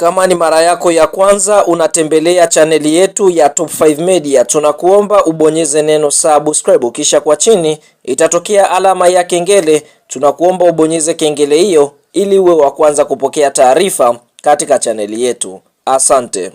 Kama ni mara yako ya kwanza unatembelea chaneli yetu ya Top 5 Media, tunakuomba ubonyeze neno subscribe, kisha kwa chini itatokea alama ya kengele. Tunakuomba ubonyeze kengele hiyo ili uwe wa kwanza kupokea taarifa katika chaneli yetu. Asante.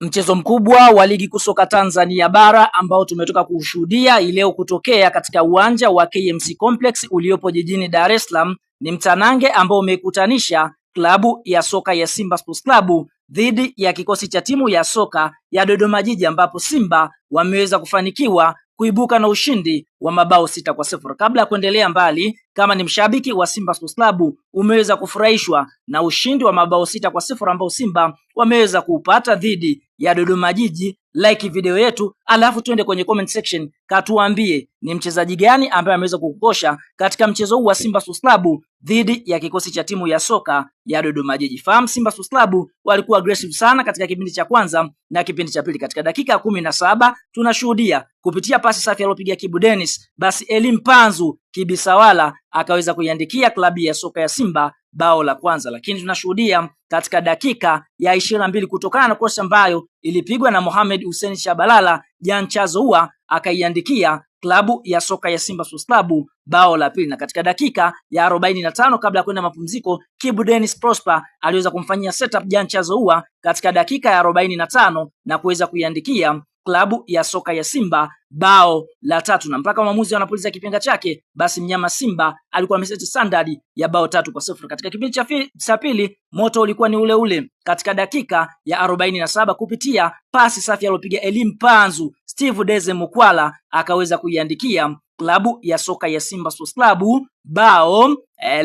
Mchezo mkubwa wa ligi kuu soka Tanzania bara ambao tumetoka kuushuhudia ileo kutokea katika uwanja wa KMC Complex uliopo jijini Dar es Salaam ni mtanange ambao umekutanisha klabu ya soka ya Simba Sports Club dhidi ya kikosi cha timu ya soka ya Dodoma Jiji, ambapo Simba wameweza kufanikiwa kuibuka na ushindi wa mabao sita kwa sifuri. Kabla ya kuendelea mbali, kama ni mshabiki wa Simba Sports Club, umeweza kufurahishwa na ushindi wa mabao sita kwa sifuri ambao Simba wameweza kuupata dhidi ya Dodoma Jiji, like video yetu, alafu tuende kwenye comment section, katuambie ni mchezaji gani ambaye ameweza kukosha katika mchezo huu wa Simba Sports Club dhidi ya kikosi cha timu ya soka ya Dodoma Jiji. Fahamu Simba Sports Club walikuwa aggressive sana katika kipindi cha kwanza na kipindi cha pili. Katika dakika kumi na saba tunashuhudia kupitia pasi safi aliyopiga Kibu Dennis, basi Elim Panzu kibisawala akaweza kuiandikia klabu ya soka ya Simba bao la kwanza, lakini tunashuhudia katika dakika ya ishirini na mbili kutokana na kosa ambayo ilipigwa na Mohamed Hussein Shabalala, Jan Chazoua akaiandikia klabu ya soka ya Simba Sports Club bao la pili, na katika dakika ya arobaini na tano kabla ya kwenda mapumziko, Kibu Dennis Prosper aliweza kumfanyia setup Jan Chazoua katika dakika ya 45 na tano na kuweza kuiandikia klabu ya soka ya Simba bao la tatu, na mpaka mwamuzi anapuliza kipenga chake, basi mnyama Simba alikuwa ameseti standard ya bao tatu kwa sifuri. Katika kipindi cha pili moto ulikuwa ni ule ule katika dakika ya arobaini na saba kupitia pasi safi aliyopiga Elim Panzu, Steve Deze Mukwala akaweza kuiandikia klabu ya soka ya Simba Sports Club bao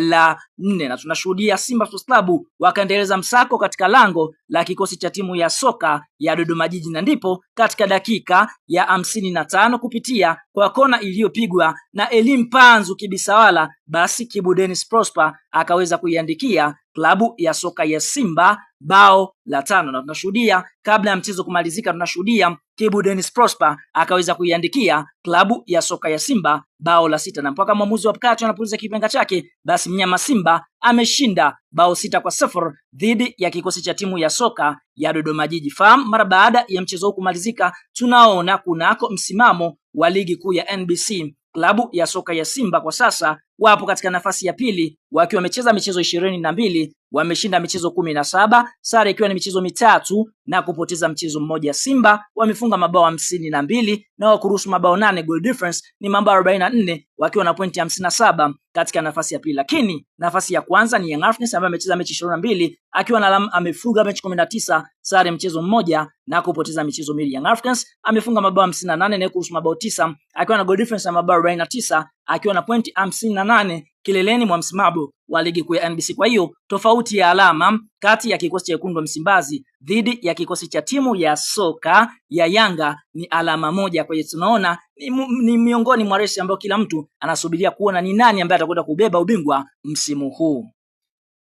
la nne na tunashuhudia Simba Sports Club wakaendeleza msako katika lango la kikosi cha timu ya soka ya Dodoma Jiji, na ndipo katika dakika ya hamsini na tano kupitia kwa kona iliyopigwa na Elim Panzu Kibisawala, basi Kibu Dennis Prosper akaweza kuiandikia klabu ya soka ya Simba bao la tano, na tunashuhudia kabla ya mchezo kumalizika, tunashuhudia Kibu Dennis Prosper akaweza kuiandikia klabu ya soka ya Simba bao la sita, na mpaka mwamuzi wa kati anapuliza kipenga chake, basi mnyama Simba ameshinda bao sita kwa sifuri dhidi ya kikosi cha timu ya soka ya Dodoma Jiji Farm. Mara baada ya mchezo huu kumalizika, tunaona kunako msimamo wa ligi kuu ya NBC klabu ya soka ya Simba kwa sasa wapo katika nafasi ya pili wakiwa wamecheza michezo ishirini na mbili wameshinda michezo kumi na saba sare ikiwa ni michezo mitatu na kupoteza mchezo mmoja. Simba wamefunga mabao hamsini na mbili na wao kuruhusu mabao nane, goal difference ni mambo arobaini na nne wakiwa na pointi hamsini na saba katika nafasi ya pili, lakini nafasi ya kwanza ni Young Africans ambaye amecheza mechi ishirini na mbili akiwa na alama, amefunga mechi kumi na tisa sare mchezo mmoja na kupoteza michezo miwili. Young Africans amefunga mabao hamsini na nane na kuruhusu mabao tisa akiwa na goal difference ya mabao arobaini na tisa akiwa na pointi hamsini na nane kileleni mwa msimamo wa ligi kuu ya NBC. Kwa hiyo tofauti ya alama kati ya kikosi cha wekundu wa Msimbazi dhidi ya kikosi cha timu ya soka ya Yanga ni alama moja. Kwa hiyo tunaona ni, ni miongoni mwa resi ambayo kila mtu anasubiria kuona ni nani ambaye atakwenda kubeba ubingwa msimu huu.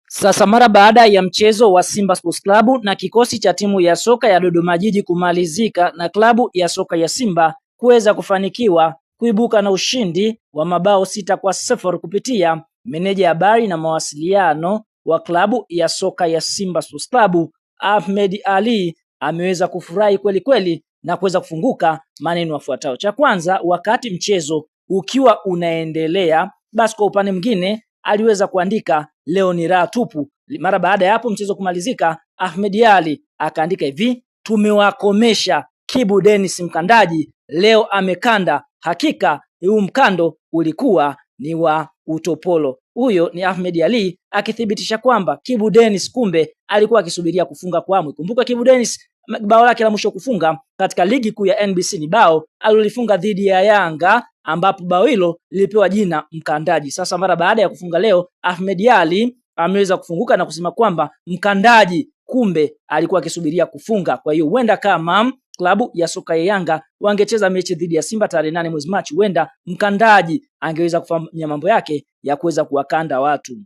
Sasa mara baada ya mchezo wa Simba Sports Club na kikosi cha timu ya soka ya Dodoma Jiji kumalizika na klabu ya soka ya Simba kuweza kufanikiwa kuibuka na ushindi wa mabao sita kwa sifuri kupitia meneja habari na mawasiliano wa klabu ya soka ya Simba Sports Club Ahmed Ali ameweza kufurahi kweli kweli na kuweza kufunguka maneno yafuatayo. Cha kwanza, wakati mchezo ukiwa unaendelea, basi kwa upande mwingine aliweza kuandika leo ni raha tupu. Mara baada ya hapo mchezo kumalizika, Ahmed Ali akaandika hivi, tumewakomesha Kibu Dennis mkandaji leo amekanda Hakika huu mkando ulikuwa ni wa utopolo. Huyo ni Ahmed ali akithibitisha kwamba Kibu Dennis kumbe alikuwa akisubiria kufunga kwa amu. Kumbuka Kibu Dennis bao lake la mwisho kufunga katika ligi kuu ya NBC ni bao alilolifunga dhidi ya Yanga ambapo bao hilo lilipewa jina mkandaji. Sasa mara baada ya kufunga leo, Ahmed Ali ameweza kufunguka na kusema kwamba mkandaji kumbe alikuwa akisubiria kufunga. Kwa hiyo huenda kama klabu ya soka ya Yanga wangecheza mechi dhidi ya Simba tarehe nane mwezi Machi, huenda mkandaji angeweza kufanya mambo yake ya kuweza kuwakanda watu.